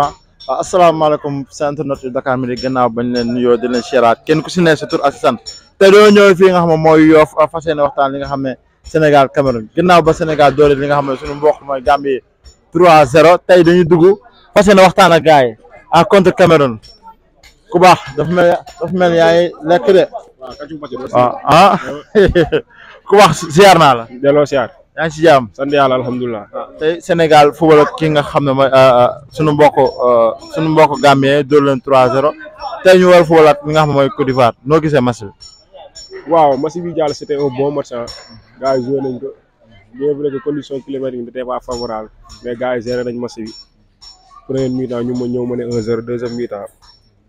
rahmatullah waaw ah, asalaamaaleykum seen internet yu Dakar Midi gannaaw bañ leen nuyoo di leen siyaaraat kenn ku si ne sa tur ak sant te doo ñëw fii nga xam ne mooy Yoff ah, fas yéene waxtaan li nga xam ne Sénégal Cameroun gannaaw ba Sénégal doole li nga xam ne suñu mbokk mooy Gambie trois 0 tey dañuy dugg fas waxtaan ak gars yi à ah, contre Cameroun ku baax dafa mel dafa mel yaa ngi lekk de waaw ah ku baax siyaar naa la delloo siyaar yaa ngi si jàmm sant yàlla alhamdulilah. Ah, Sénégal football ki nga xam ne mooy ah, ah, sunu mbokk sunu mbokk Gambien dóor leen 3-0 tey ñu war a football ak nga xam ne mooy Côte d'Ivoire noo gisee match waaw match bi jàll c'était un bon match ah gars yi joué nañ ko bien vrai ñu ma ñëw ma ne 1-0 deuxième mi-temps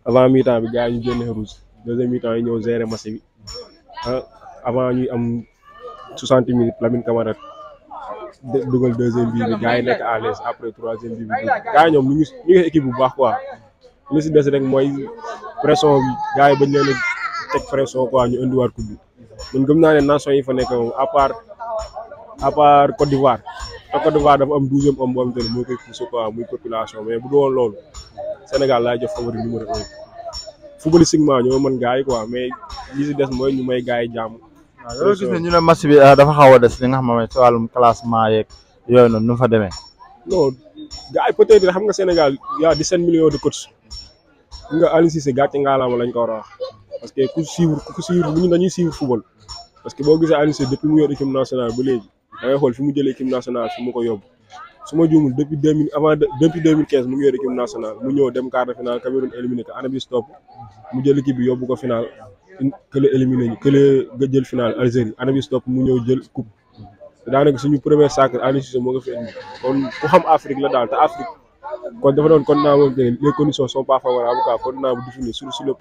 avant mi bi gars yi ñu génne yi ñëw géré match bi avant ñuy am 60 minutes Lamine Camara. dugal deuxième bii bi gars yi nekk à après troisième bii bi gars yi ñoom ñu ñu ngi équipe bu baax quoi li si des rek mooy pression bi gars yi a teg pression quoi ñu indiwaat coupe bi man gëm naa ne nation yi fa nekk moom à part à part Côte d'Ivoire te Côte d'Ivoire dafa am douzième homme boo xamante ne moo koy poussé quoi muy population mais bu doon loolu Sénégal laay jox favori numéro un footballistiquement ñoo mën gars yi quoi mais li si des mooy ñu may waaw loolu gis ne ñu ne match bi ah, dafa xaw a des li nga xam ne ci yooyu noonu nu fa demee. non gars yi peut-être xam nga Sénégal y'a 17 millions de coach nga Aliou Cissé gàcce ngaalaama lañ ko war a wax parce que ku suivre ku suivre ñun dañuy suivre football parce que boo gisee Aliou Cissé depuis mu yor équipe nationale ba léegi da xool fi mu jëlee équipe nationale fi mu ko yóbbu. su ma juumul depuis deux mille avant depuis deux mille quinze mu ngi yor équipe nationale mu ñëw dem quart de finale Cameroun bi stop mu ko finale kële éliminé ñu kële nga jël final Algérie année bi stop mu ñëw jël coupe te daanaka suñu premier sacre Aliou Cissé moo nga fi indi kon ku la daal te Afrique kon dafa doon continent moom tey les conditions sont pas favorables quoi continent bu défini sur sur le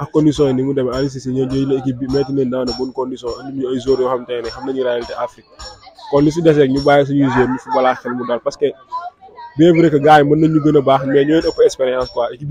ak conditions yi ni mu bi mettre leen dans yoo xam te ne xam nañu réalité Afrique kon li si des rek ñu bàyyi suñuy joueurs ñu footballaa xel mu daal parce que bien vrai que gars mën nañu gën a baax mais ñoo leen ëpp expérience quoi équipe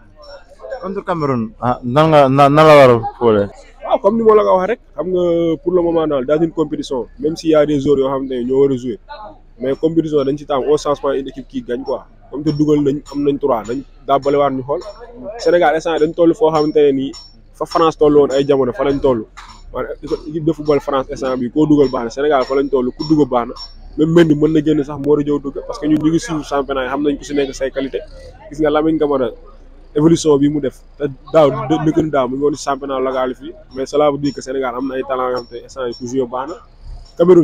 contre Cameroun ah, nan nga nan la war a fóole. waaw ah, comme ni ma la ko waxee rek xam nga pour le moment daal dans une compétition même s'il y a des joueurs yoo xam ne ñoo war a jouer mais compétition dañ ci taam au changement une équipe qui gagne quoi dugal nañ am nañ trois dañ dàbbale waat ñu xool Sénégal instant dañ toll foo xamante ne nii fa France toll woon ay jamono fa lañ toll équipe de football France instant bi koo dugal baax na Sénégal fa lañ toll ku dugal baax na même ni mën na génn sax moo war évolution bi mu def te daaw ni ko daaw mu ngi woon ci championnat local fii mais cela veut dire Sénégal am na ay talent yoo xam te bi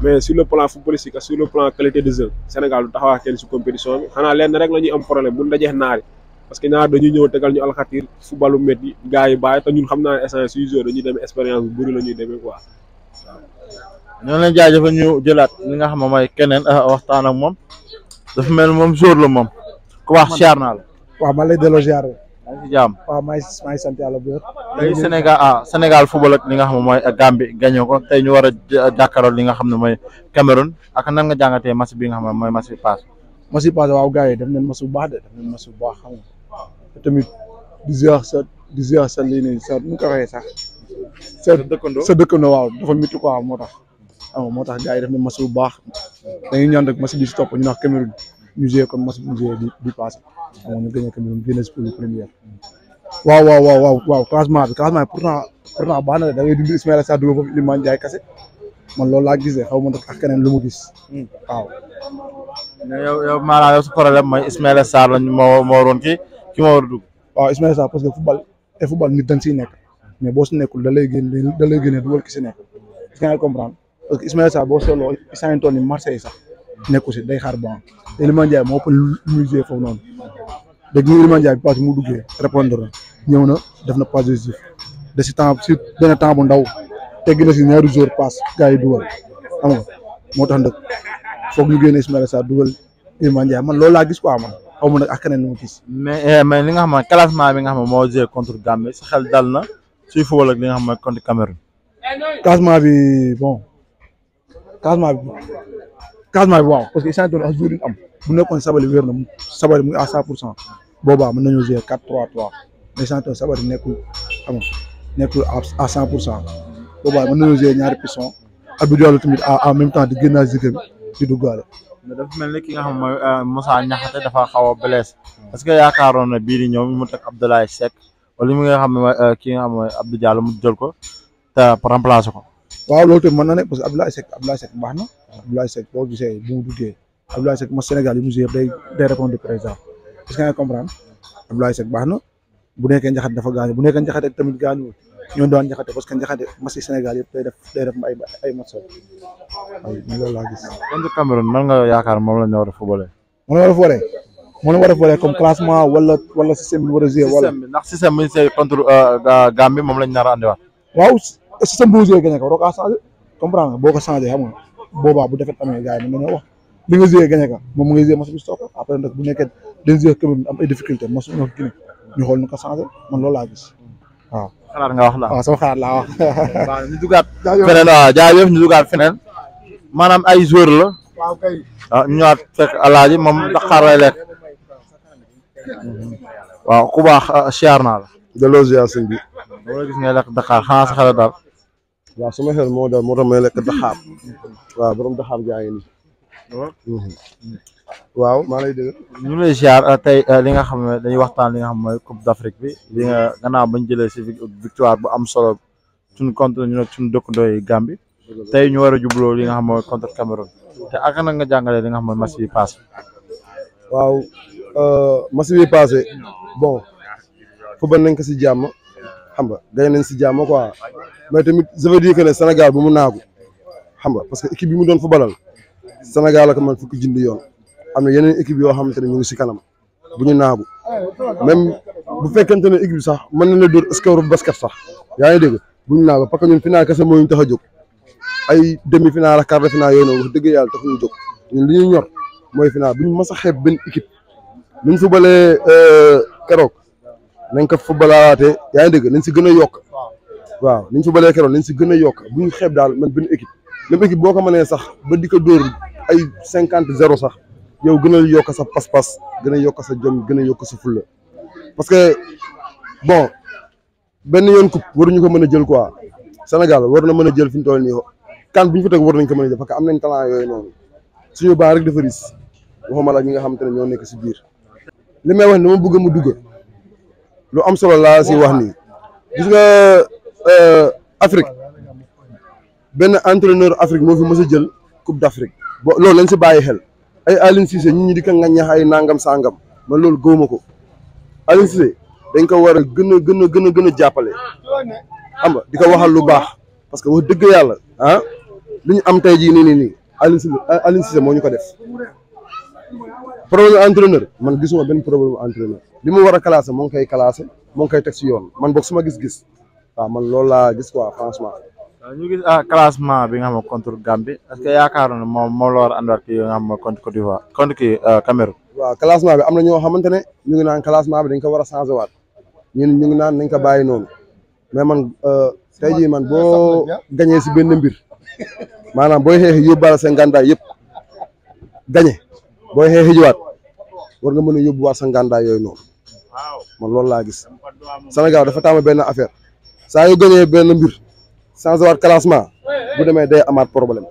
mais sur le plan footballistique ak sur le plan qualité de jeu Sénégal du taxawaa kenn ci compétition bi xanaa leen rek la am problème bu ñu dajee naari parce que ñaar dañuy ñëw tegal ñu alxatir footballu métti gars yi bàyyi te ñun xam naa ne essence suy joué dañuy demee expérience bu bëri la ñuy demee quoi. waaw ñoo leen li nga xam ne mooy keneen ah, waxtaan ak moom. dafa mel moom jour la moom. ku wax siyaar naa la. waaw man lay delloo siyaar maa ngi si jàmm waaw ah Sénégal football ak li nga xam ne mooy Gambie gagné ko te ñu war a jàkkaarloo li nga xam ne mooy Cameroun ak nan nga jàngatee match bi nga xam ne mooy match bi paase. match bi paase waaw gars yi daf leen match bu baax de daf leen match bu baax tamit di ziar di ziar sa lii nii sax. sa dëkkandoo sa dëkkandoo waaw dafa métti quoi moo tax. moo tax gars yi daf leen match bu baax. dañuy ñaan rek match bi si topp ñu naan Cameroun ñu joué comme match bi ñu joué bi bi passé xam nga ñu gagné Cameroun génne si poule première waaw waaw waaw waaw waaw classement bi classement bi baax na da ngay dund Ismaïla Sarr dugg foofu Iliman Ndiaye kase man loolu laa gisee xaw ma ak keneen lu mu gis. Hmm. waaw. mais ma yow maanaam yow su problème mooy Ismaïla Sarr lañ moo moo waroon kii ki moo war a dugg. waaw Ismaïla Sarr parce que football te siy nekk mais boo si nekkul da lay génne da lay génne dugal ki si nekk nga comprendre. parce que Ismaïla Sarr boo seetloo saa yu toll sax nekku si day xaar banc te Iliman moo ëpp lu joué foofu noonu léegi ñu Iliman Ndiaye bi passe mu duggee répondre na ñëw na def na passe décisif de si temps si benn temps bu ndaw teggi na si ñaari joueur passe gars yi dugal moo tax nag foog ñu génne Ismaïla Sarr dugal Iliman Ndiaye man loolu laa gis quoi man xaw ma nag ak keneen lu ma gis. mais eh, mais li nga xam ne classement bi nga xam ne moo joué contre Gambie sa xel dal na suy football ak li nga xam ne contre Cameroun. classement bi bon. Casamance bi bi waaw parce que échange doon ak jour am bu nekkoon sabali wér na sabali mu a cent pour cent boobaa mën nañoo jouer quatre trois trois mais échange doon sabali nekkul xam nga nekkul à cent pour cent boobaa mën nañoo jouer ñaari piston Abdou Diallo tamit en même temps di génnaal zikam di duggaale mais dafa mel ni ki nga xam mooy euh, Moussa Niakhaté dafa xaw a blessé parce que yaakaaroon na bii di ñëw mu teg Abdoulaye Seck wala mi nga xam ne euh, ki nga xam mooy Abdou Diallo mu jël ko te remplacé ko waaw loolu tamit mën na ne parce que Abdoulaye Seck Abdoulaye Seck baax na Abdoulaye Seck bu mu duggee Abdoulaye Seck ma Sénégal yi mu joué day day répondre présent est que nga comprendre Abdoulaye Seck baax dafa gaañu bu nekkee njaxate tamit gaañuwul ñoo daan njaxate parce que njaxate match yi Sénégal yëpp day def day def ay ay match waaw laa gis. contre man nga yaakaar moom la ñu war a footballé. moom la war a footballé comme classement wala wala système bi war a joué. wala ndax système bi ñu contre euh, Gambie moom la ñu nar a système boo joué gagné ko waroo kaa changé boo ko changé xam nga bu defet amee gars yi mën nañoo wax li nga joué gagné ko moom mu ngi joué match bi soog après nag bu nekkee am ay difficulté match ñoo kii ñu nu ko changé man loolu gis waaw. nga wax la waaw sama xalaat feneen maanaam ay joueur la. waaw kay waaw ah, ñu ñëwaat fekk moom Dakar lay lekk. waaw ku baax ah, siyaar naa la. delloo ziar sëñ waaw sama xel moo daal moo tax may lekk daxaab waaw borom daxaab jaa nii waaw maa lay dégg ñu lay ziar uh, tey uh, li nga xam ne dañuy waxtaan li nga xam mooy coupe d'Afrique bi li nga gannaaw bañ jëlee si victoire bu am solo suñ contre suñ nag suñu dëkkandoo yi Gambie tey ñu war a jubloo li nga xam mooy contre Cameroun te ak nga jàngalee li nga xam mooy match bi waaw uh, match bi passé bon ba nañ ko si jàmm xam nga gañ nañ si jàmm quoi mais tamit je veux dire que ne Sénégal bu mu naagu xam nga parce que équipe bi mu doon balal Sénégal ak man fukki jindi yoon am na yeneen équipe yoo xamante ne ñu ngi si kanam bu ñu naagu même bu fekkente ne équipe sax mën na la dóor score basket sax yaa ngi dégg bu ñu naagu parce que ñun final kese moo ñu tax a jóg ay demi final ak quart de final yooyu noonu wax tax ñu jóg ñun li ñu ñor mooy final bu ñu mës a xeeb benn équipe bu bale fubalee euh, keroog. nañ ko footballaatee yaa ngi dégg nañ si gën a yokk waaw niñ footballee keroon nañ si gën a yokk bu ñu xeeb daal man benn équipe même équipe boo ko mënee sax ba di ko dóor ay cinquante zéro sax yow gën a sa pas gën a yokk sa jom gën a yokk sa fulla parce que bon benn yoon coupe waruñu ko mën a jël quoi Sénégal war na mën a jël fi mu toll nii kan bu ñu fa teg war nañ ko mën a jël parce que am nañ talent yooyu noonu rek dafa ris waxuma la ñi nga xam te ne ñoo nekk si biir li may wax ni ma bëgg mu dugg. lu am solo laa si wax nii gis nga euh, Afrique benn entreneur Afrique moo fi mës a jël coupe d' Afrique bo loolu lañ si bàyyi xel ay Aliou Cissé ñi ñi di ko ŋaññax nangam sangam man loolu gëwuma ko Aliou dañ ko war a gën a gën a gën a gën a jàppale xam nga di ko waxal lu baax parce que wax dëgg yàlla ah lu ñu am tey jii ni nii nii Aliou Cissé Aliou Cissé moo ñu ko def problème entraîneur man gisuma benn problème entraîneur li mu war a classé moo ngi koy classé moo ngi koy teg si yoon man boog ma gis-gis waaw man loolu laa gis quoi franchement. ñu gis ah, bi nga xam ne contre Gambie est-ce que yaakaar na moom moom la a andiwaat kii nga xam ne contre Côte euh, am na ñoo xamante ne ñu ngi naan classement bi ko war a changé waat ñun ñu ngi naan nañ ko bàyyi noonu mais man euh, tey jii man boo gañe si benn mbir maanaam booy xeex yóbbaale sa ngàndaay yëpp gañe booy xeexi jiwaat war nga mën a yóbbuwaat sa ngàndaay yooyu noonu man loolu laa gis Sénégal dafa tàmm benn affaire saa yu gëñee benn mbir changé waat classement bu demee day amaat problème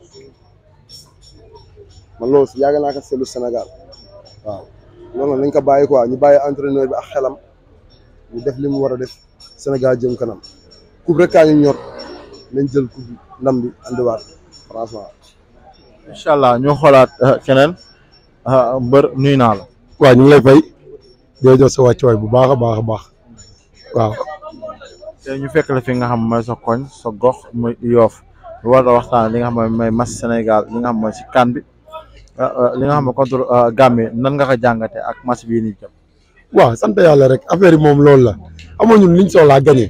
man lool si yàgg naa ko seetlu Sénégal waaw loolu nag nañ ko bàyyi quoi ñu bàyyi entraîneur bi a xelam ñu def li mu war a def Sénégal jëm kanam coupe rek kaa ñu ñor nañ jël coupe ndam bi andiwaat franchement. incha ñu xoolaat euh, keneen. Ah, mbër nuyu naa la. waaw ñu ngi lay fay di jox sa waay bu baax a baax a baax waaw. te ñu fekk la fii nga xam mooy sa koñ sa gox muy Yoff war waxtaan li nga xam may mas Sénégal li nga xam mooy si CAN bi ah, ah, li nga xam ne contre Gambie nan nga ko jàngatee ak match bii nii jëm. waaw sant yàlla rek affaire moom loolu la amoon ñun liñ soxlaa gagné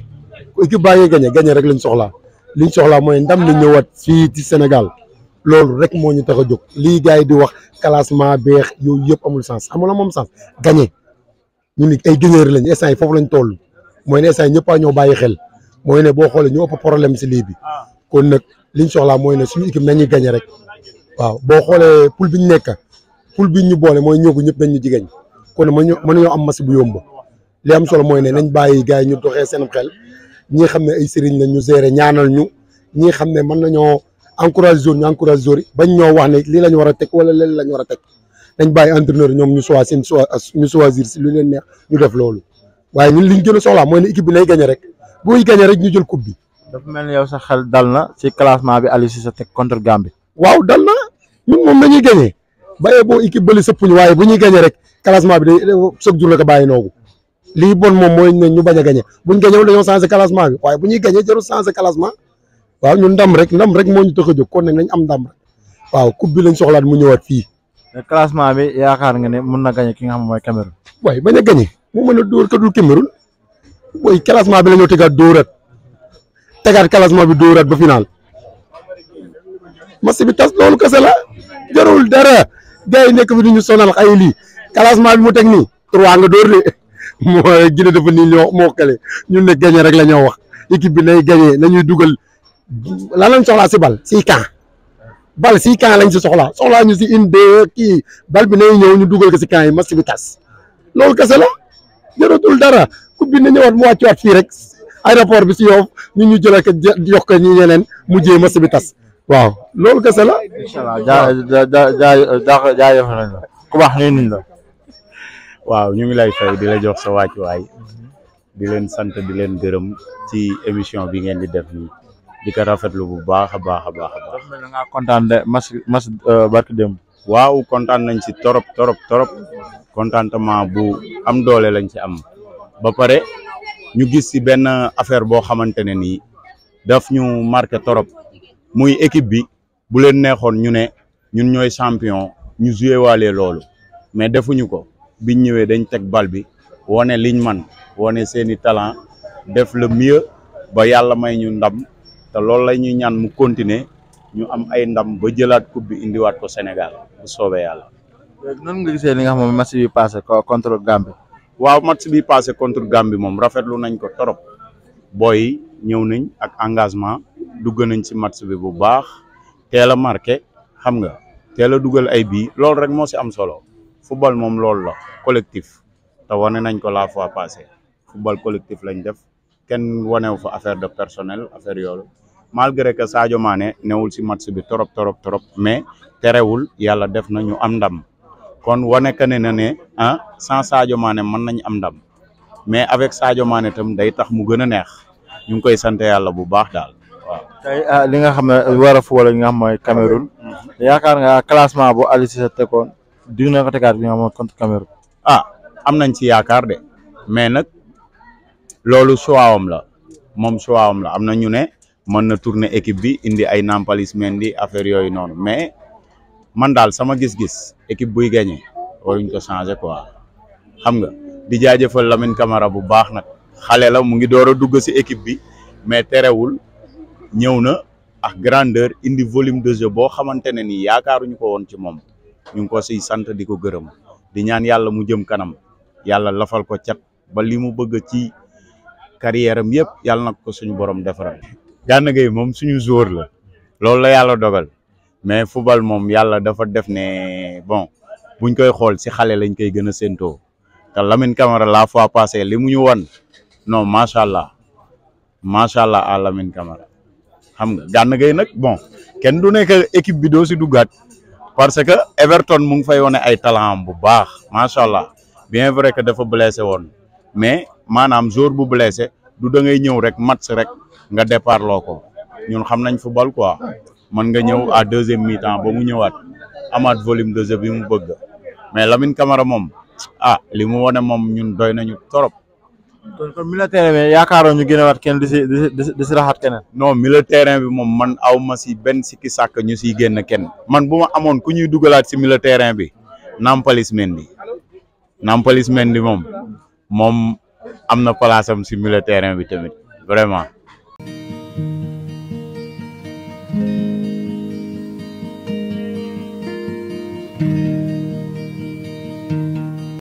équipe baa ngi gagné gagné rek liñ soxlaa liñ soxlaa mooy ndam li ñëwaat fii ci Sénégal. loolu rek moo ñu tax a jóg lii gars yi di wax classement beex yooyu yëpp amul sens amul moom sens gagné ñun ay gagneur lañ instant yi foofu lañ toll mooy ne instant yi ñëpp a ñoo bàyyi xel mooy ne boo xoolee ñu ëpp problème si lii bi kon nag liñ soxla mooy ne suñu équipe nañuy gagné rek waaw boo xoolee poule bi ñu nekk poule bi ñu boole mooy ñëw ko ñëpp nañ ñu jigéen kon mënuñu ñoo am match bu yomb li am solo mooy ne nañ bàyyi gars yi ñu doxee seen xel ñi xam ne ay sëriñ lañ ñu gérer ñaanal ñu ñi xam ne mën nañoo encourage zone ñu encourage zone yi bañ ñoo wax ne lii la ñu war a teg wala leen la war a teg dañ bàyyi entraîneur ñoom ñu choisir seen choix ñu choisir si lu leen neex ñu def loolu waaye ñun liñ gën a mooy ne bi nay gagné rek bu ñu gagné rek ñu jël coupe bi. dafa mel ni yow sa xel dal na ci bi Aliou Cissé teg contre Gambie. waaw dal na ñun moom nañuy boo équipe bële sëpp ñu bu ñuy gagné rek classement bi day chaque jour la ko bàyyi noogu lii bon moom mooy ñu bañ a gagné buñ gagné wul dañoo changé classement bi waaye bu ñuy gagné jarul changé classement waaw ñun ndam rek ndam rek moo ñu tax a jóg kon nag am ndam waaw coupe bi lañ soxlaat mu ñëwaat fii. classement bi yaakaar nga ne mën na gañe ki nga xam mooy Cameroun. waaye bañ a gañe mu mën a dóor kadul Cameroun booy bi la ñu tegaat dóoraat tegaat classement bi dóoraat ba final. match bi tas loolu kese la jarul dara gars yi nekk sonal ay lii classement bi mu teg nii trois nga dóor de mooy Guinée dafa nii moo xale ñun ne gañe rek la ñoo wax équipe bi nay gañe ñuy dugal. la lañ soxlaa si bal si camp bal si camp lañ si soxlaa soxlaa ñu si une deux kii bal bi nay ñëw ñu dugal ko si camp yi match bi tas loolu kese la jëratul dara coupe bi na ñëwaat mu wàccuwaat fii rek aéroport bi si Yoff ñu ñu jëlee ka jox ko ñi ñeneen mu jiyee match bi tas waaw loolu kese la. incha allah jaa jaa jaa jaajëf nañ la ku baax nuyu nañ la. waaw ñu ngi lay fay di la jox sa wàccuwaay di leen sant di leen gërëm ci émission bi ngeen di def nii. di ko rafetlu bu baax a baax a baax a baax. da ngaa de euh, waaw kontaan nañ si torop torop torop contentement bu am doole lañ ci am ba pare ñu gis si benn affaire boo xamante ne nii daf ñu marqué torop muy équipe bi bu leen neexoon ñu ne ñun ñooy champion ñu joué waale loolu mais defuñu ko biñ ñëwee dañ teg bal bi wane liñ man wane seeni talent def le ba yàlla may ñu ndam. te loolu la ñuy ñaan mu continuer ñu am ay ndam ba jëlaat coupe bi indiwaat ko Sénégal bu soobee yàlla. nan nga gisee li nga xam moom match bi passé contre Gambie. waaw match bi passé contre Gambie moom rafetlu nañ ko torop booy ñëw nañ ak engagement dugg nañ si match bi bu baax teel a marqué xam nga teel a dugal ay bii loolu rek moo si am solo football moom loolu la collectif te wane nañ ko la fois passée football collectif lañ def kenn wanew fa affaire de personnel affaire yoolu malgré que Sadio maane newul si match bi trop trop trop mais terewul yàlla def na ñu am ndam kon wane que ne na ne ah sans Sadio maane mën nañ am ndam mais avec Sadio maane tam day tax mu gën a neex ñu ngi koy sante yàlla bu baax daal waaw. tey ah, li nga xam ne war a wala li nga xam mooy Cameroun. Mhm. yaakaar nga classement bu Aliou Cissé tegoon dig na ko tegaat bi nga xam contre Cameroun. ah am nañ ci yaakaar de mais nag loolu choix la moom choix am la am na ñu ne. mën na tourner équipe bi indi ay Nampalys Mendy affaire yooyu noonu mais man daal sama gis-gis équipe buy gagné waruñ ko changer quoi xam nga di jaajëfal Lamine Camara bu baax nag xale la mu ngi door a dugg si équipe bi mais terewul ñëw na ak grandeur indi volume de jeu boo xamante ne ni yaakaaruñu ko woon ci moom ñu ngi ko siy sant di ko gërëm di ñaan yàlla mu jëm kanam yàlla lafal ko cat ba li mu bëgg ci carrière am yëpp yàlla na ko suñu borom defaral Gana Gueye moom suñu joueur la loolu la yàlla dogal mais football moom yàlla dafa def ne bon buñ koy xool si xale lañ koy gën a séentoo te Lamine la fois passée li mu ñu won non macha allah macha allah à Lamine Camara xam nga Gana nag bon kenn du nekk équipe bi doo si duggaat parce que Everton mu ngi fay wane ay talent bu baax macha allah bien vrai que dafa blessé woon mais maanaam jour bu blessé. du da ñëw rek match rek nga départ ko ñun xam nañ football quoi mën nga ñëw à deuxième mi-temps ba mu ñëwaat amaat volume de jeu bi mu bëgg mais Lamine Camara moom ah li mu wane moom ñun doy nañu torop kon kon milieu terrain bi yaakaaroon ñu génnewaat kenn di si di si raxaat terrain bi moom man aw ma si benn sikki sàkk ñu siy génn kenn. man bu ma amoon ku ñuy dugalaat si milieu terrain bi Nampalys Mendy Nampalys Mendy moom moom. am na place am si milieu terrain bi tamit vraiment.